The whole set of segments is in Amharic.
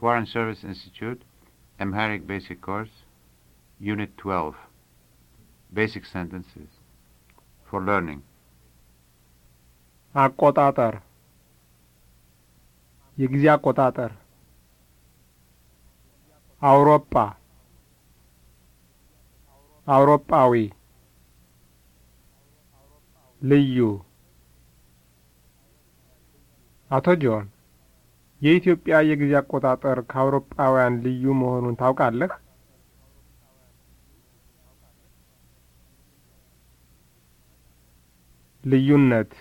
Foreign Service Institute, Amharic Basic Course, Unit 12, Basic Sentences for Learning. አቆጣጠር የጊዜ አቆጣጠር አውሮፓ አውሮፓዊ ልዩ አቶ ጆን የኢትዮጵያ የጊዜ አቆጣጠር ከአውሮፓውያን ልዩ መሆኑን ታውቃለህ? ልዩነት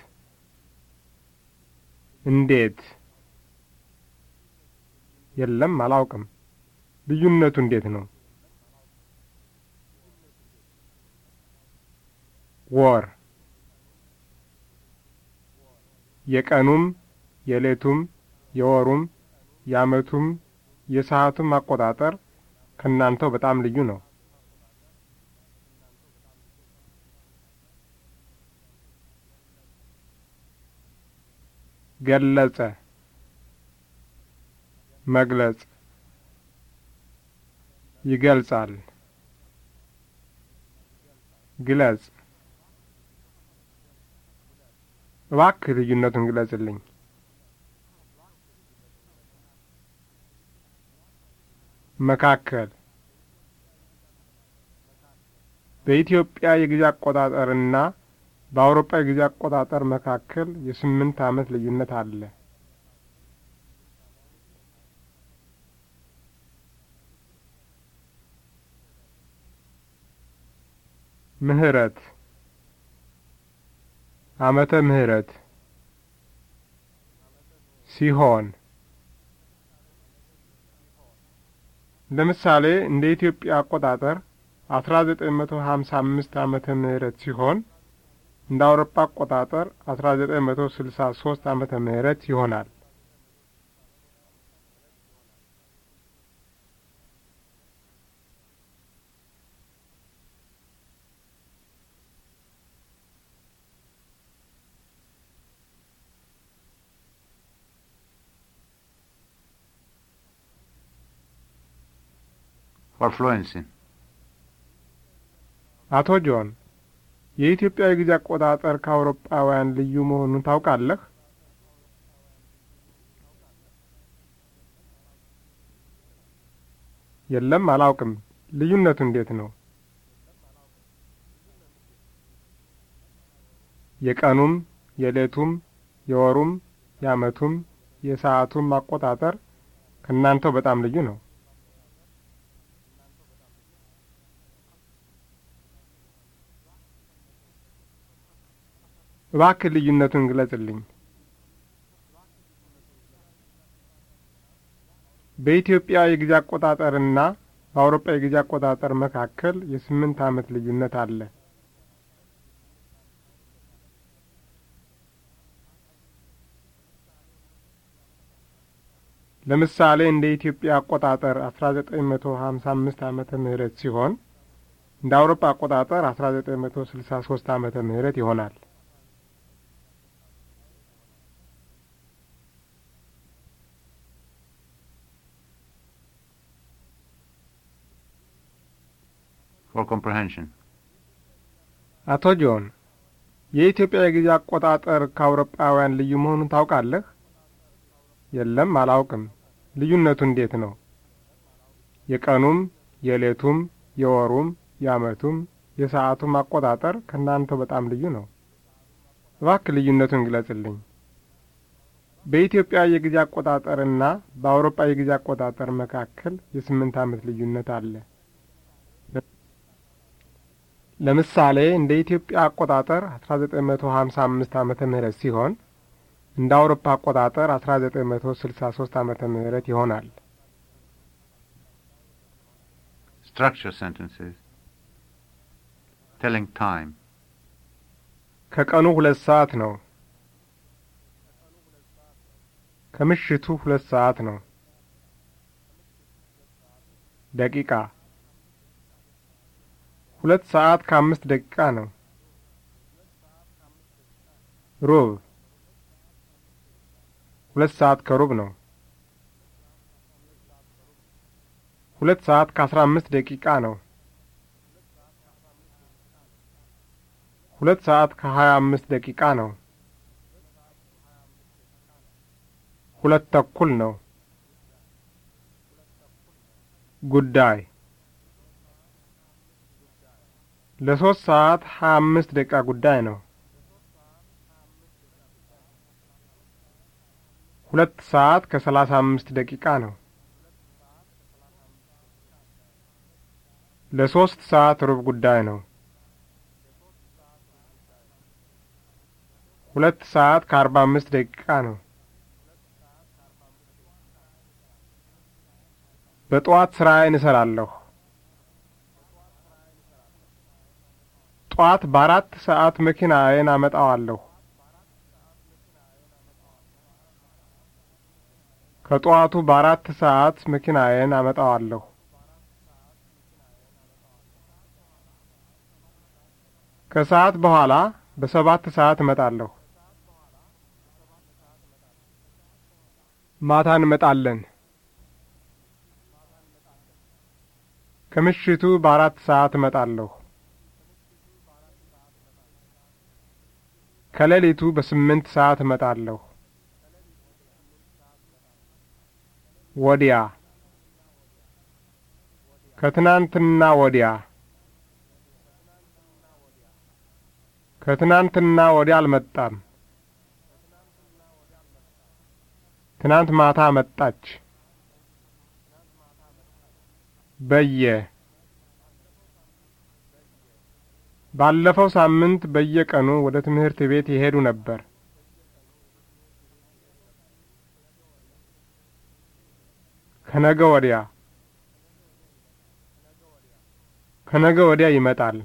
እንዴት? የለም፣ አላውቅም። ልዩነቱ እንዴት ነው? ወር የቀኑም የሌቱም የወሩም የዓመቱም የሰዓቱም አቆጣጠር ከእናንተው በጣም ልዩ ነው። ገለጸ፣ መግለጽ፣ ይገልጻል፣ ግለጽ። እባክህ ልዩነቱን ግለጽልኝ። መካከል በኢትዮጵያ የጊዜ አቆጣጠርና በአውሮፓ የጊዜ አቆጣጠር መካከል የስምንት ዓመት ልዩነት አለ። ምህረት ዓመተ ምህረት ሲሆን ለምሳሌ እንደ ኢትዮጵያ አቆጣጠር አስራ ዘጠኝ መቶ ሀምሳ አምስት ዓመተ ምህረት ሲሆን እንደ አውሮፓ አቆጣጠር አስራ ዘጠኝ መቶ ስልሳ ሶስት ዓመተ ምህረት ይሆናል። ፍሎንሲን አቶ ጆን የኢትዮጵያ የጊዜ አቆጣጠር ከአውሮፓውያን ልዩ መሆኑን ታውቃለህ? የለም፣ አላውቅም። ልዩነቱ እንዴት ነው? የቀኑም የሌቱም የወሩም የዓመቱም የሰዓቱም አቆጣጠር ከእናንተው በጣም ልዩ ነው። እባክህ ልዩነቱን ግለጽልኝ። በኢትዮጵያ የጊዜ አቆጣጠርና በአውሮፓ የጊዜ አቆጣጠር መካከል የስምንት ዓመት ልዩነት አለ። ለምሳሌ እንደ ኢትዮጵያ አቆጣጠር አስራ ዘጠኝ መቶ ሀምሳ አምስት ዓመተ ምህረት ሲሆን እንደ አውሮፓ አቆጣጠር አስራ ዘጠኝ መቶ ስልሳ ሶስት ዓመተ ምህረት ይሆናል። or comprehension. አቶ ጆን የኢትዮጵያ የጊዜ አቆጣጠር ከአውሮጳውያን ልዩ መሆኑን ታውቃለህ? የለም፣ አላውቅም። ልዩነቱ እንዴት ነው? የቀኑም የሌቱም የወሩም የአመቱም የሰዓቱም አቆጣጠር ከእናንተ በጣም ልዩ ነው። እባክህ ልዩነቱን ግለጽልኝ። በኢትዮጵያ የጊዜ አቆጣጠርና በአውሮፓ የጊዜ አቆጣጠር መካከል የስምንት ዓመት ልዩነት አለ። ለምሳሌ እንደ ኢትዮጵያ አቆጣጠር 1955 ዓ ምህረት ሲሆን እንደ አውሮፓ አቆጣጠር 1963 ዓ ም ይሆናል። structure sentences telling time ከቀኑ ሁለት ሰዓት ነው። ከምሽቱ ሁለት ሰዓት ነው። ደቂቃ ሁለት ሰዓት ከአምስት ደቂቃ ነው። ሮብ ሁለት ሰዓት ከሩብ ነው። ሁለት ሰዓት ከአስራ አምስት ደቂቃ ነው። ሁለት ሰዓት ከሀያ አምስት ደቂቃ ነው። ሁለት ተኩል ነው። ጉዳይ ለሶስት ሰዓት ሀያ አምስት ደቂቃ ጉዳይ ነው። ሁለት ሰዓት ከሰላሳ አምስት ደቂቃ ነው። ለሶስት ሰዓት ሩብ ጉዳይ ነው። ሁለት ሰዓት ከአርባ አምስት ደቂቃ ነው። በጠዋት ሥራ እንሰራለሁ። ጠዋት በአራት ሰዓት መኪናዬን አመጣዋለሁ። ከጠዋቱ በአራት ሰዓት መኪናዬን አመጣዋለሁ። ከሰዓት በኋላ በሰባት ሰዓት እመጣለሁ። ማታ እንመጣለን። ከምሽቱ በአራት ሰዓት እመጣለሁ። ከሌሊቱ በስምንት ሰዓት እመጣለሁ። ወዲያ ከትናንትና ወዲያ ከትናንትና ወዲያ አልመጣም። ትናንት ማታ መጣች። በየ ባለፈው ሳምንት በየቀኑ ወደ ትምህርት ቤት ይሄዱ ነበር። ከነገ ወዲያ ከነገ ወዲያ ይመጣል።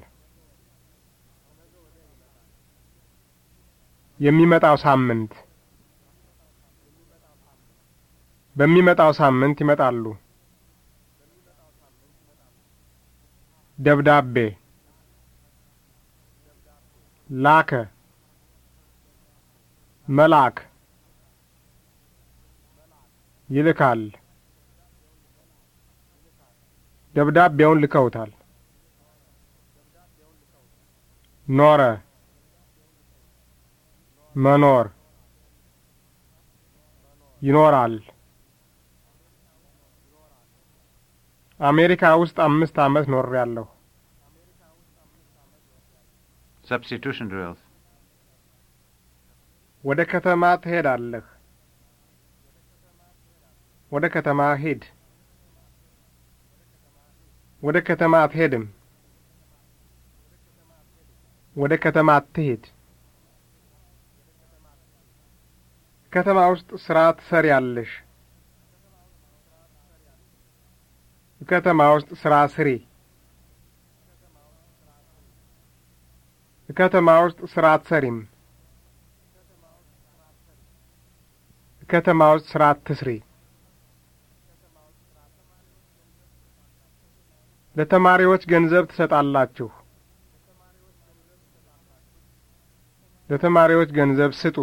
የሚመጣው ሳምንት በሚመጣው ሳምንት ይመጣሉ። ደብዳቤ ላከ መላክ ይልካል ደብዳቤውን ልከውታል ኖረ መኖር ይኖራል አሜሪካ ውስጥ አምስት ዓመት ኖሬያለሁ Substitution drills. ወደ ከተማ ትሄዳለህ። ወደ ከተማ ሂድ። ወደ ከተማ አትሄድም። ወደ ከተማ አትሄድ። ከተማ ውስጥ ስራ ትሰሪያለሽ። ከተማ ውስጥ ስራ ስሪ። ከተማ ውስጥ ስራ አትሰሪም። ከተማ ውስጥ ስራ አትስሪ። ለተማሪዎች ገንዘብ ትሰጣላችሁ። ለተማሪዎች ገንዘብ ስጡ።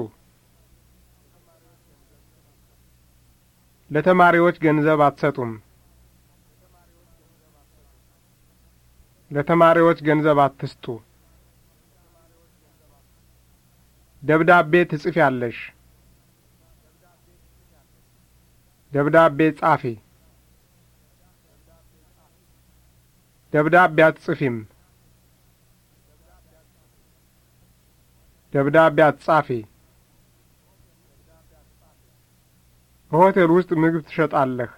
ለተማሪዎች ገንዘብ አትሰጡም። ለተማሪዎች ገንዘብ አትስጡ። ደብዳቤ ትጽፊያለሽ? ደብዳቤ ጻፊ። ደብዳቤ አትጽፊም። ደብዳቤ አትጻፊ። በሆቴል ውስጥ ምግብ ትሸጣለህ።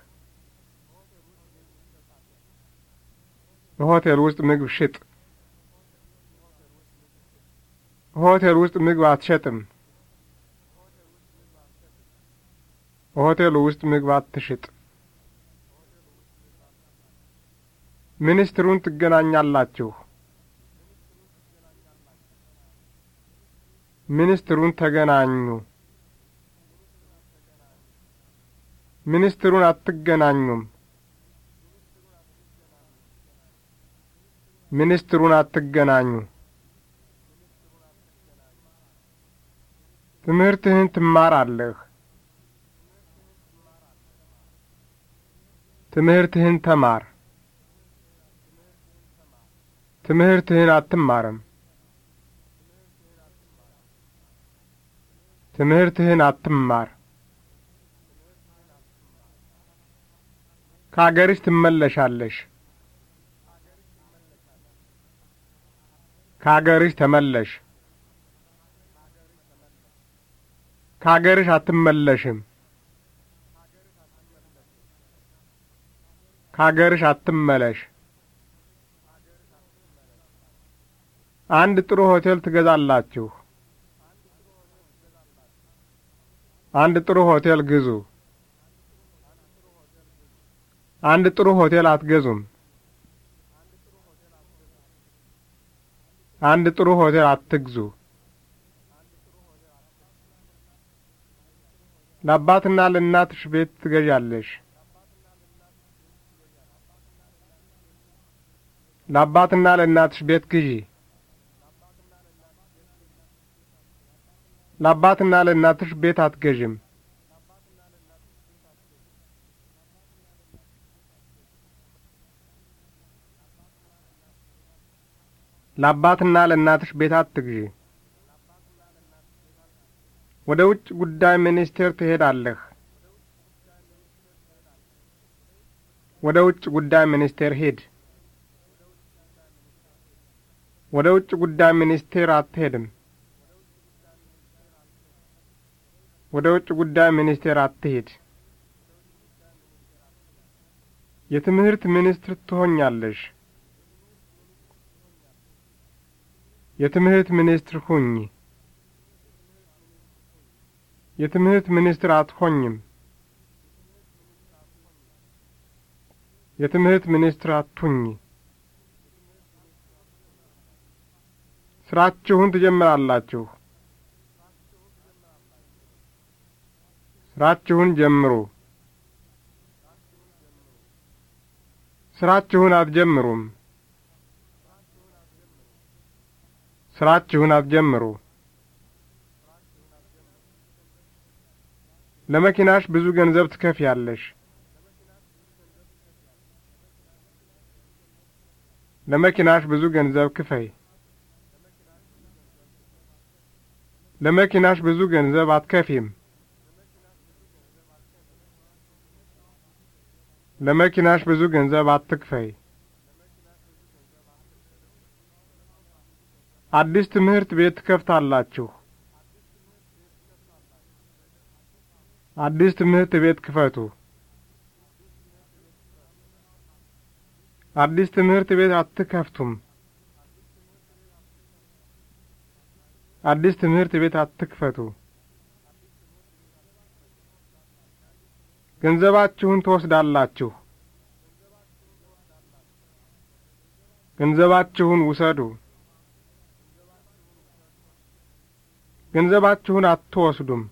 በሆቴል ውስጥ ምግብ ሽጥ። ሆቴል ውስጥ ምግብ አትሸጥም። ሆቴሉ ውስጥ ምግብ አትሽጥ። ሚኒስትሩን ትገናኛላችሁ። ሚኒስትሩን ተገናኙ። ሚኒስትሩን አትገናኙም። ሚኒስትሩን አትገናኙ። ትምህርትህን ትማራለህ። ትምህርትህን ተማር። ትምህርትህን አትማርም። ትምህርትህን አትማር። ከአገርሽ ትመለሻለሽ። ከአገርሽ ተመለሽ። ከአገርሽ አትመለሽም። ከአገርሽ አትመለሽ። አንድ ጥሩ ሆቴል ትገዛላችሁ። አንድ ጥሩ ሆቴል ግዙ። አንድ ጥሩ ሆቴል አትገዙም። አንድ ጥሩ ሆቴል አትግዙ። ለአባትና ለእናትሽ ቤት ትገዣለሽ። ለአባትና ለእናትሽ ቤት ግዢ። ለአባትና ለእናትሽ ቤት አትገዥም። ለአባትና ለእናትሽ ቤት አትግዢ። ወደ ውጭ ጉዳይ ሚኒስቴር ትሄዳለህ። ወደ ውጭ ጉዳይ ሚኒስቴር ሂድ። ወደ ውጭ ጉዳይ ሚኒስቴር አትሄድም። ወደ ውጭ ጉዳይ ሚኒስቴር አትሄድ። የትምህርት ሚኒስትር ትሆኛለሽ። የትምህርት ሚኒስትር ሁኝ። የትምህርት ሚኒስትር አትሆኝም። የትምህርት ሚኒስትር አትሁኝ። ስራችሁን ትጀምራላችሁ። ስራችሁን ጀምሩ። ስራችሁን አትጀምሩም። ስራችሁን አትጀምሩ። ለመኪናሽ ብዙ ገንዘብ ትከፍያለሽ። ለመኪናሽ ብዙ ገንዘብ ክፈይ። ለመኪናሽ ብዙ ገንዘብ አትከፊም። ለመኪናሽ ብዙ ገንዘብ አትክፈይ። አዲስ ትምህርት ቤት ትከፍታላችሁ። አዲስ ትምህርት ቤት ክፈቱ። አዲስ ትምህርት ቤት አትከፍቱም። አዲስ ትምህርት ቤት አትክፈቱ። ገንዘባችሁን ትወስዳላችሁ። ገንዘባችሁን ውሰዱ። ገንዘባችሁን አትወስዱም።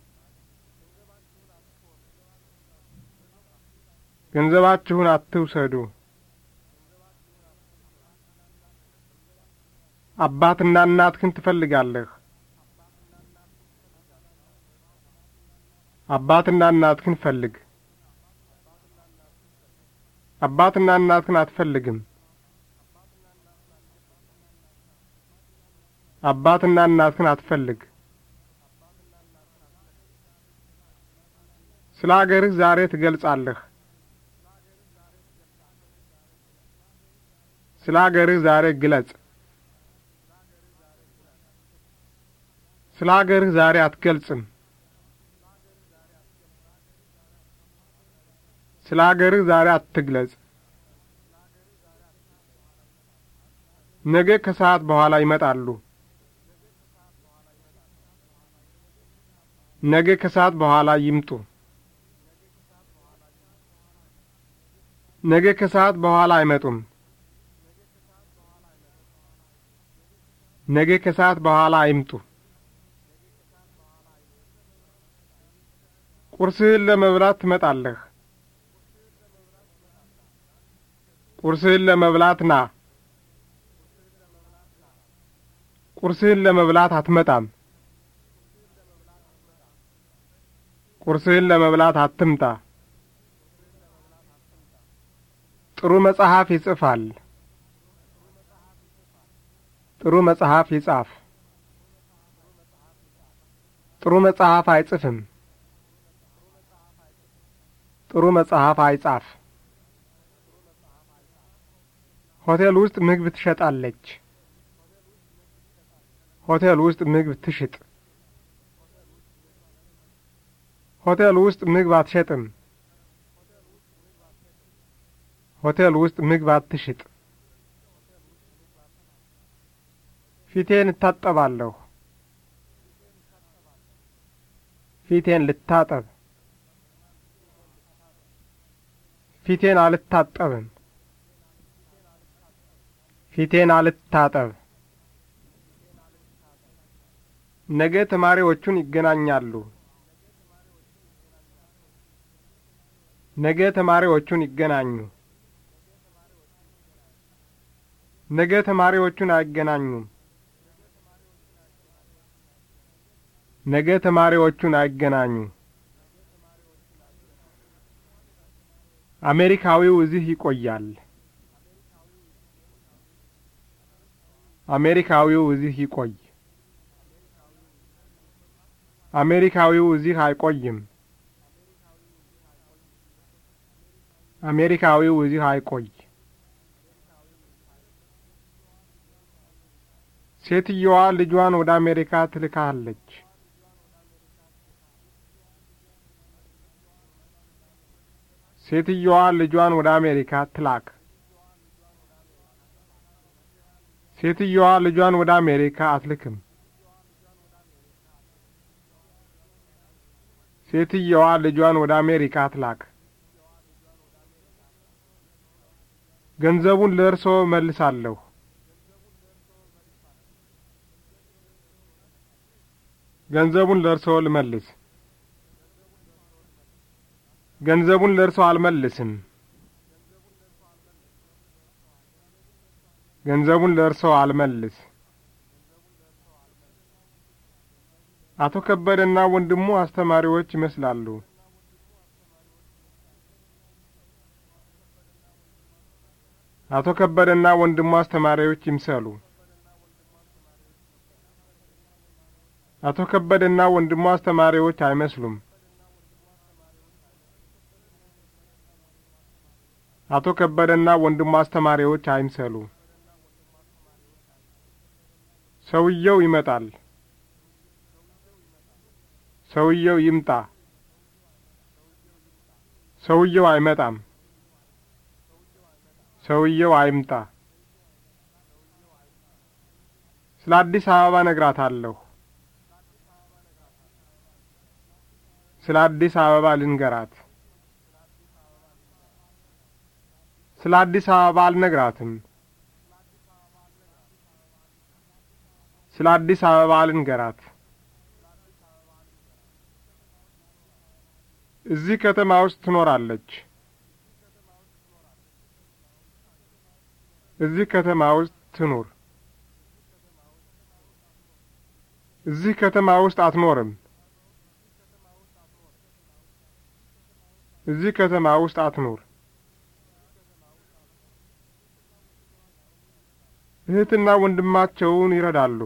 ገንዘባችሁን አትውሰዱ። አባትና እናትህን ትፈልጋለህ። አባትና እናትህን ፈልግ። አባትና እናትህን አትፈልግም። አባትና እናትህን አትፈልግ። ስለ አገርህ ዛሬ ትገልጻለህ። ስለ አገርህ ዛሬ ግለጽ። ስለ አገርህ ዛሬ አትገልጽም። ስለ አገርህ ዛሬ አትግለጽ። ነገ ከሰዓት በኋላ ይመጣሉ። ነገ ከሰዓት በኋላ ይምጡ። ነገ ከሰዓት በኋላ አይመጡም። ነገ ከሰዓት በኋላ አይምጡ። ቁርስህን ለመብላት ትመጣለህ። ቁርስህን ለመብላት ና። ቁርስህን ለመብላት አትመጣም። ቁርስህን ለመብላት አትምጣ። ጥሩ መጽሐፍ ይጽፋል። ጥሩ መጽሐፍ ይጻፍ። ጥሩ መጽሐፍ አይጽፍም። ጥሩ መጽሐፍ አይጻፍ። ሆቴል ውስጥ ምግብ ትሸጣለች። ሆቴል ውስጥ ምግብ ትሽጥ። ሆቴል ውስጥ ምግብ አትሸጥም። ሆቴል ውስጥ ምግብ አትሽጥ። ፊቴን እታጠባለሁ። ፊቴን ልታጠብ። ፊቴን አልታጠብም። ፊቴን አልታጠብ። ነገ ተማሪዎቹን ይገናኛሉ። ነገ ተማሪዎቹን ይገናኙ። ነገ ተማሪዎቹን አይገናኙም። ነገ ተማሪዎቹን አይገናኙ አሜሪካዊው እዚህ ይቆያል። አሜሪካዊው እዚህ ይቆይ። አሜሪካዊው እዚህ አይቆይም። አሜሪካዊው እዚህ አይቆይ። ሴትየዋ ልጇን ወደ አሜሪካ ትልካለች። ሴትየዋ ልጇን ወደ አሜሪካ ትላክ። ሴትየዋ ልጇን ወደ አሜሪካ አትልክም። ሴትየዋ ልጇን ወደ አሜሪካ አትላክ። ገንዘቡን ለእርስዎ መልሳለሁ። ገንዘቡን ለእርስዎ ልመልስ። ገንዘቡን ለእርሶ አልመልስም። ገንዘቡን ለእርሶ አልመልስ። አቶ ከበደና ወንድሙ አስተማሪዎች ይመስላሉ። አቶ ከበደና ወንድሙ አስተማሪዎች ይምሰሉ። አቶ ከበደና ወንድሙ አስተማሪዎች አይመስሉም። አቶ ከበደና ወንድሙ አስተማሪዎች አይምሰሉ። ሰውየው ይመጣል። ሰውየው ይምጣ። ሰውየው አይመጣም። ሰውየው አይምጣ። ስለ አዲስ አበባ ነግራታለሁ። ስለ አዲስ አበባ ልንገራት። ስለ አዲስ አበባ አልነግራትም። ስለ አዲስ አበባ አልንገራት። እዚህ ከተማ ውስጥ ትኖራለች። እዚህ ከተማ ውስጥ ትኑር። እዚህ ከተማ ውስጥ አትኖርም። እዚህ ከተማ ውስጥ አትኑር። እህትና ወንድማቸውን ይረዳሉ።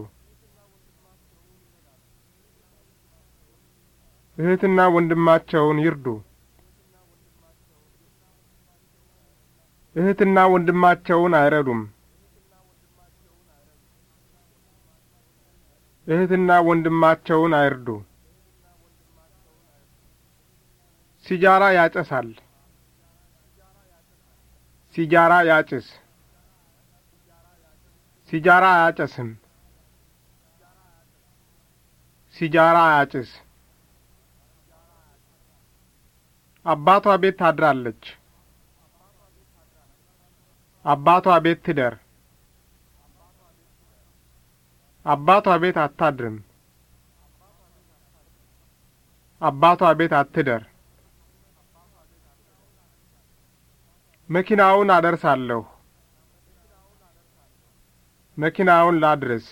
እህትና ወንድማቸውን ይርዱ። እህትና ወንድማቸውን አይረዱም። እህትና ወንድማቸውን አይርዱ። ሲጃራ ያጨሳል። ሲጃራ ያጭስ ሲጃራ አያጨስም። ሲጃራ አያጭስ። አባቷ ቤት ታድራለች። አባቷ ቤት ትደር። አባቷ ቤት አታድርም። አባቷ ቤት አትደር። መኪናውን አደርሳለሁ። መኪናውን ላድረስ።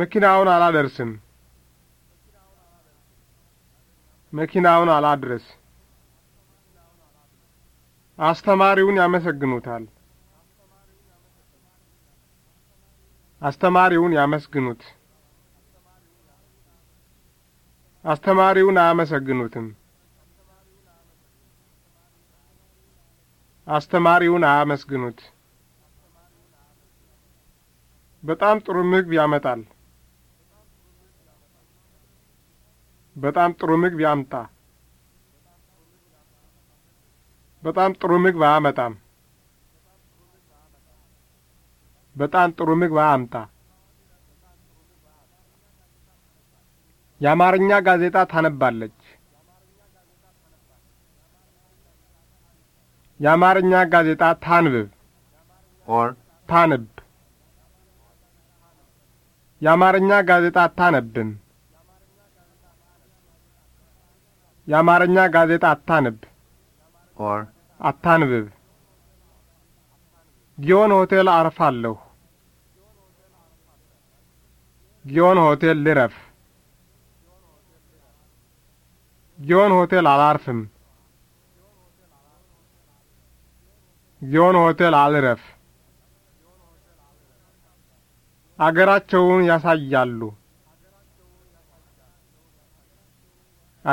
መኪናውን አላደርስም። መኪናውን አላድረስ። አስተማሪውን ያመሰግኑታል። አስተማሪውን ያመስግኑት። አስተማሪውን አያመሰግኑትም። አስተማሪውን አያመስግኑት። በጣም ጥሩ ምግብ ያመጣል። በጣም ጥሩ ምግብ ያምጣ። በጣም ጥሩ ምግብ አያመጣም። በጣም ጥሩ ምግብ አያምጣ። የአማርኛ ጋዜጣ ታነባለች። የአማርኛ ጋዜጣ ታንብብ ኦር ታንብ የአማርኛ ጋዜጣ አታነብም። የአማርኛ ጋዜጣ አታንብ ኦር አታንብብ። ጊዮን ሆቴል አርፋለሁ። ጊዮን ሆቴል ልረፍ። ጊዮን ሆቴል አላርፍም። ጊዮን ሆቴል አልረፍ። አገራቸውን ያሳያሉ።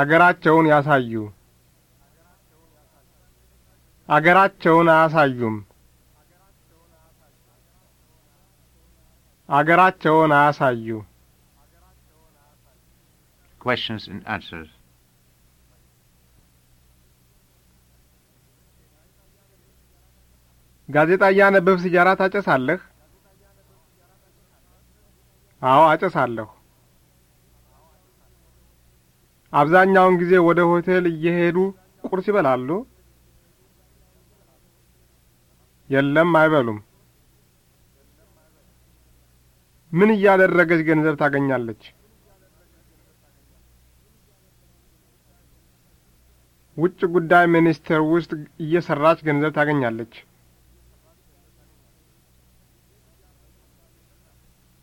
አገራቸውን ያሳዩ። አገራቸውን አያሳዩም። አገራቸውን አያሳዩ። Questions and answers. ጋዜጣ እያነበብህ ሲጃራ ታጨሳለህ? አዎ አጨሳለሁ። አብዛኛውን ጊዜ ወደ ሆቴል እየሄዱ ቁርስ ይበላሉ? የለም፣ አይበሉም። ምን እያደረገች ገንዘብ ታገኛለች? ውጭ ጉዳይ ሚኒስቴር ውስጥ እየሰራች ገንዘብ ታገኛለች።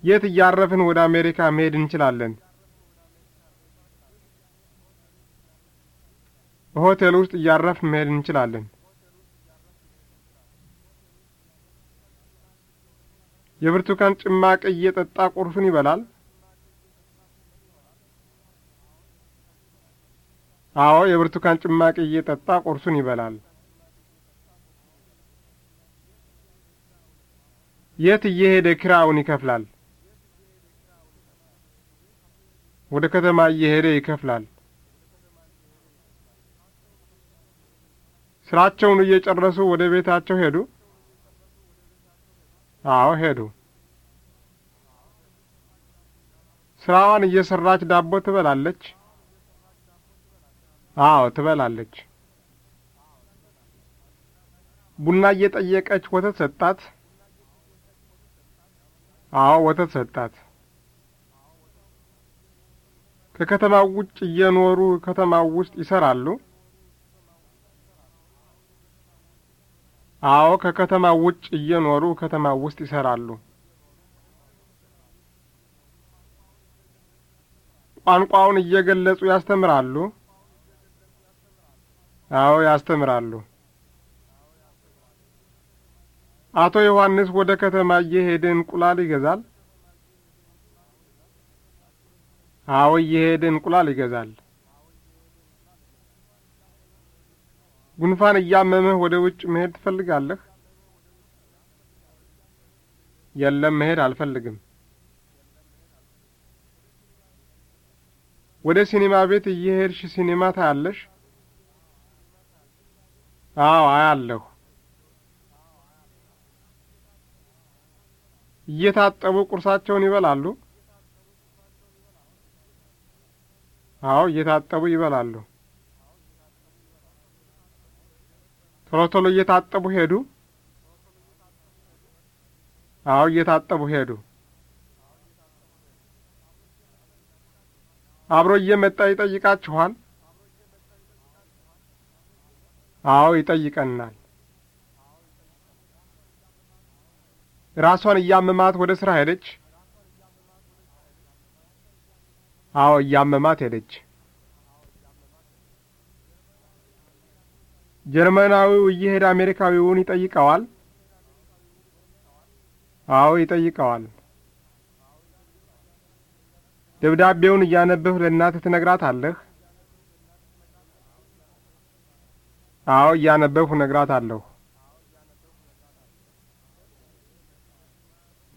የት እያረፍን ወደ አሜሪካ መሄድ እንችላለን? ሆቴል ውስጥ እያረፍን መሄድ እንችላለን። የብርቱካን ጭማቂ እየጠጣ ቁርሱን ይበላል? አዎ፣ የብርቱካን ጭማቂ እየጠጣ ቁርሱን ይበላል። የት እየሄደ ክራውን ይከፍላል? ወደ ከተማ እየሄደ ይከፍላል። ስራቸውን እየጨረሱ ወደ ቤታቸው ሄዱ? አዎ ሄዱ። ስራዋን እየሰራች ዳቦ ትበላለች? አዎ ትበላለች። ቡና እየጠየቀች ወተት ሰጣት? አዎ ወተት ሰጣት። ከከተማው ውጭ እየኖሩ ከተማው ውስጥ ይሰራሉ? አዎ፣ ከከተማው ውጭ እየኖሩ ከተማው ውስጥ ይሰራሉ። ቋንቋውን እየገለጹ ያስተምራሉ? አዎ፣ ያስተምራሉ። አቶ ዮሐንስ ወደ ከተማ እየሄደ እንቁላል ይገዛል? አዎ እየሄደ እንቁላል ይገዛል። ጉንፋን እያመመህ ወደ ውጭ መሄድ ትፈልጋለህ? የለም፣ መሄድ አልፈልግም። ወደ ሲኔማ ቤት እየሄድሽ ሲኔማ ታያለሽ? አዎ፣ አያለሁ። እየታጠቡ ቁርሳቸውን ይበላሉ? አዎ እየታጠቡ ይበላሉ። ቶሎ ቶሎ እየታጠቡ ሄዱ። አዎ እየታጠቡ ሄዱ። አብሮ እየመጣ ይጠይቃችኋል። አዎ ይጠይቀናል። ራሷን እያመማት ወደ ስራ ሄደች። አዎ እያመማት ሄደች። ጀርመናዊው እየሄደ አሜሪካዊውን ይጠይቀዋል። አዎ ይጠይቀዋል። ደብዳቤውን እያነበብህ ለእናትህ ትነግራታለህ? አዎ እያነበብሁ እነግራታለሁ።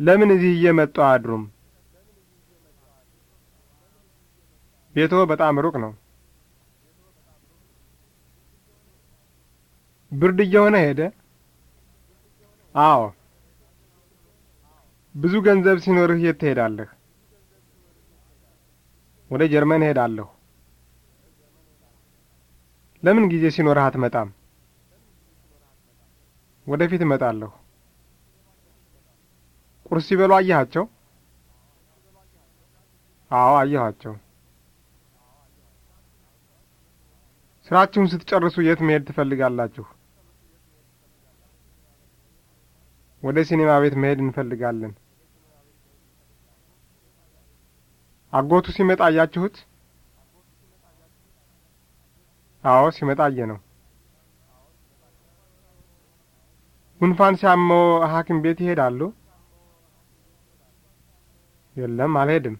ለምን እዚህ እየመጡ አያድሩም? ቤቶ በጣም ሩቅ ነው። ብርድ እየሆነ ሄደ? አዎ። ብዙ ገንዘብ ሲኖርህ የት ትሄዳለህ? ወደ ጀርመን እሄዳለሁ። ለምን ጊዜ ሲኖርህ አትመጣም? ወደፊት እመጣለሁ። ቁርስ ሲበሉ አየሃቸው? አዎ አየኋቸው። ስራችሁን ስትጨርሱ የት መሄድ ትፈልጋላችሁ? ወደ ሲኔማ ቤት መሄድ እንፈልጋለን። አጎቱ ሲመጣ አያችሁት? አዎ፣ ሲመጣ አየ ነው። ጉንፋን ሲያመው ሐኪም ቤት ይሄዳሉ? የለም፣ አልሄድም።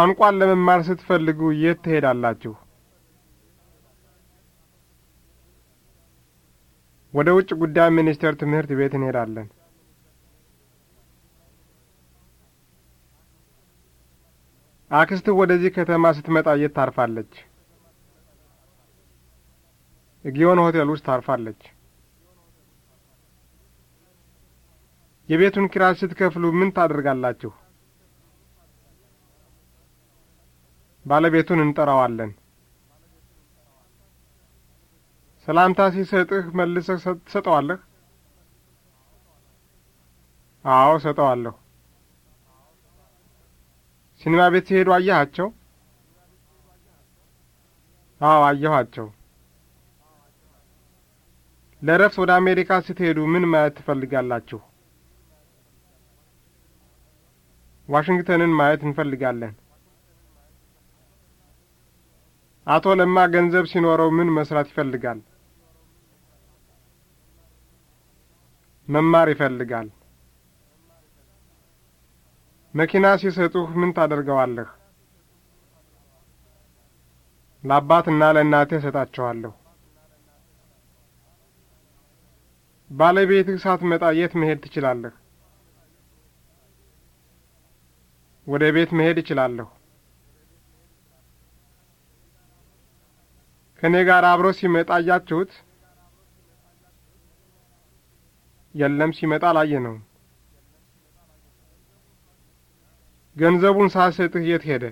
ቋንቋን ለመማር ስትፈልጉ የት ትሄዳላችሁ? ወደ ውጭ ጉዳይ ሚኒስቴር ትምህርት ቤት እንሄዳለን። አክስትህ ወደዚህ ከተማ ስትመጣ የት ታርፋለች? ጊዮን ሆቴል ውስጥ ታርፋለች። የቤቱን ኪራይ ስትከፍሉ ምን ታደርጋላችሁ? ባለቤቱን እንጠራዋለን። ሰላምታ ሲሰጥህ መልሰህ ትሰጠዋለህ? አዎ እሰጠዋለሁ። ሲኒማ ቤት ሲሄዱ አየሃቸው? አዎ አየኋቸው። ለእረፍት ወደ አሜሪካ ስትሄዱ ምን ማየት ትፈልጋላችሁ? ዋሽንግተንን ማየት እንፈልጋለን። አቶ ለማ ገንዘብ ሲኖረው ምን መስራት ይፈልጋል? መማር ይፈልጋል። መኪና ሲሰጡህ ምን ታደርገዋለህ? ለአባትና ለእናቴ እሰጣቸዋለሁ። ባለቤትህ ሳትመጣ የት መሄድ ትችላለህ? ወደ ቤት መሄድ እችላለሁ። ከእኔ ጋር አብሮ ሲመጣ አያችሁት? የለም ሲመጣ ነው። ገንዘቡን ሳሰጥህ የት ሄደ?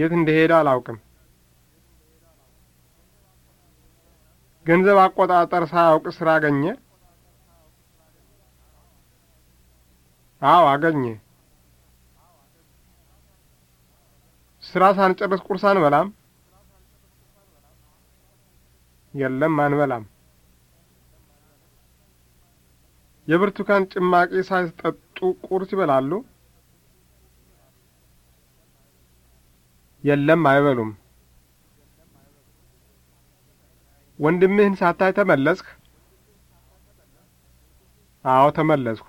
የት እንደሄደ አላውቅም። ገንዘብ አቆጣጠር ሳያውቅ ስራ አገኘ? አዎ አገኘ። ስራ ሳንጨርስ ቁርስ አንበላም? የለም አንበላም። የብርቱካን ጭማቂ ሳይጠጡ ቁርስ ይበላሉ? የለም አይበሉም። ወንድምህን ሳታይ ተመለስክ? አዎ ተመለስኩ።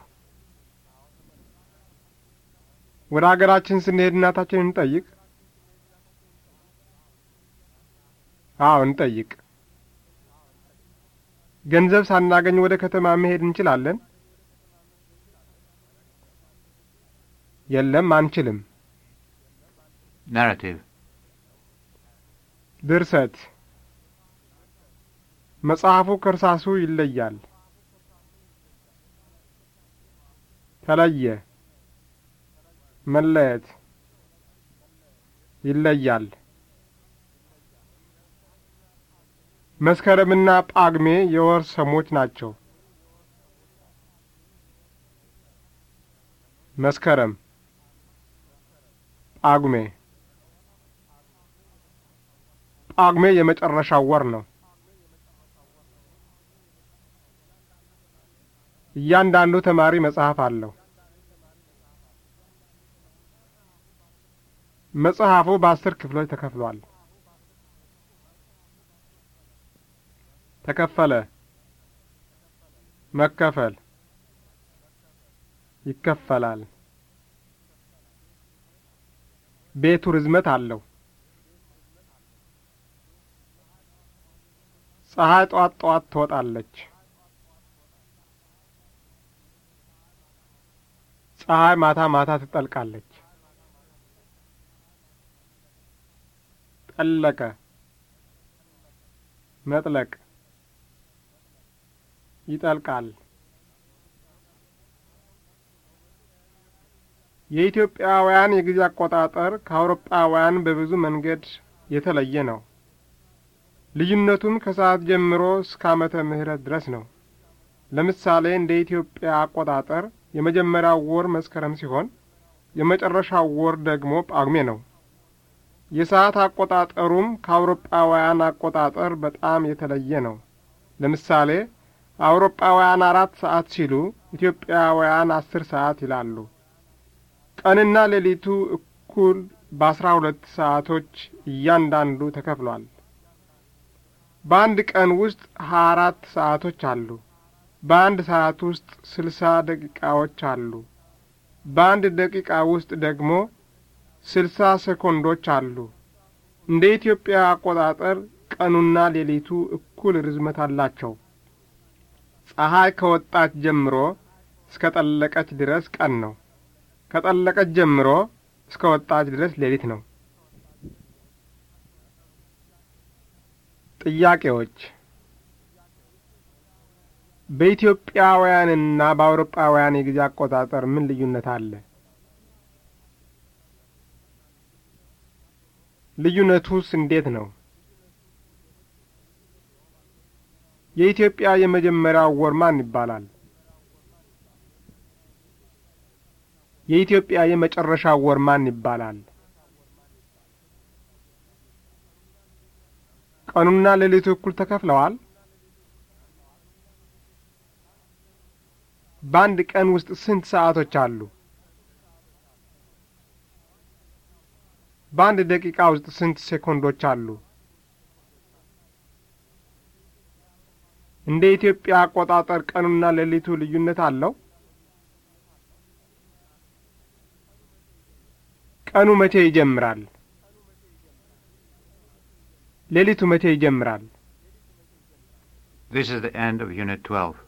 ወደ አገራችን ስንሄድ እናታችንን እንጠይቅ? አዎ እንጠይቅ። ገንዘብ ሳናገኝ ወደ ከተማ መሄድ እንችላለን? የለም አንችልም። ናራቲቭ ድርሰት መጽሐፉ ከእርሳሱ ይለያል። ተለየ፣ መለየት፣ ይለያል። መስከረምና ጳግሜ የወር ሰሞች ናቸው። መስከረም፣ ጳጉሜ። ጳጉሜ የመጨረሻው ወር ነው። እያንዳንዱ ተማሪ መጽሐፍ አለው። መጽሐፉ በአስር ክፍሎች ተከፍሏል። ተከፈለ መከፈል ይከፈላል። ቤቱ ርዝመት አለው። ፀሐይ ጠዋት ጠዋት ትወጣለች። ፀሐይ ማታ ማታ ትጠልቃለች። ጠለቀ መጥለቅ ይጠልቃል። የኢትዮጵያውያን የጊዜ አቆጣጠር ከአውሮፓውያን በብዙ መንገድ የተለየ ነው። ልዩነቱም ከሰዓት ጀምሮ እስከ ዓመተ ምህረት ድረስ ነው። ለምሳሌ እንደ ኢትዮጵያ አቆጣጠር የመጀመሪያው ወር መስከረም ሲሆን የመጨረሻው ወር ደግሞ ጳጉሜ ነው። የሰዓት አቆጣጠሩም ከአውሮፓውያን አቆጣጠር በጣም የተለየ ነው። ለምሳሌ አውሮጳውያን አራት ሰዓት ሲሉ ኢትዮጵያውያን አስር ሰዓት ይላሉ። ቀንና ሌሊቱ እኩል በአስራ ሁለት ሰዓቶች እያንዳንዱ ተከፍሏል። በአንድ ቀን ውስጥ ሀያ አራት ሰዓቶች አሉ። በአንድ ሰዓት ውስጥ ስልሳ ደቂቃዎች አሉ። በአንድ ደቂቃ ውስጥ ደግሞ ስልሳ ሴኮንዶች አሉ። እንደ ኢትዮጵያ አቆጣጠር ቀኑና ሌሊቱ እኩል ርዝመት አላቸው። ፀሐይ ከወጣች ጀምሮ እስከ ጠለቀች ድረስ ቀን ነው። ከጠለቀች ጀምሮ እስከ ወጣች ድረስ ሌሊት ነው። ጥያቄዎች በኢትዮጵያውያንና በአውሮጳውያን የጊዜ አቆጣጠር ምን ልዩነት አለ? ልዩነቱስ እንዴት ነው? የኢትዮጵያ የመጀመሪያው ወር ማን ይባላል? የኢትዮጵያ የመጨረሻው ወር ማን ይባላል? ቀኑና ሌሊቱ እኩል ተከፍለዋል? በአንድ ቀን ውስጥ ስንት ሰዓቶች አሉ? በአንድ ደቂቃ ውስጥ ስንት ሴኮንዶች አሉ? እንደ ኢትዮጵያ አቆጣጠር ቀኑና ሌሊቱ ልዩነት አለው? ቀኑ መቼ ይጀምራል? ሌሊቱ መቼ ይጀምራል? This is the end of Unit 12.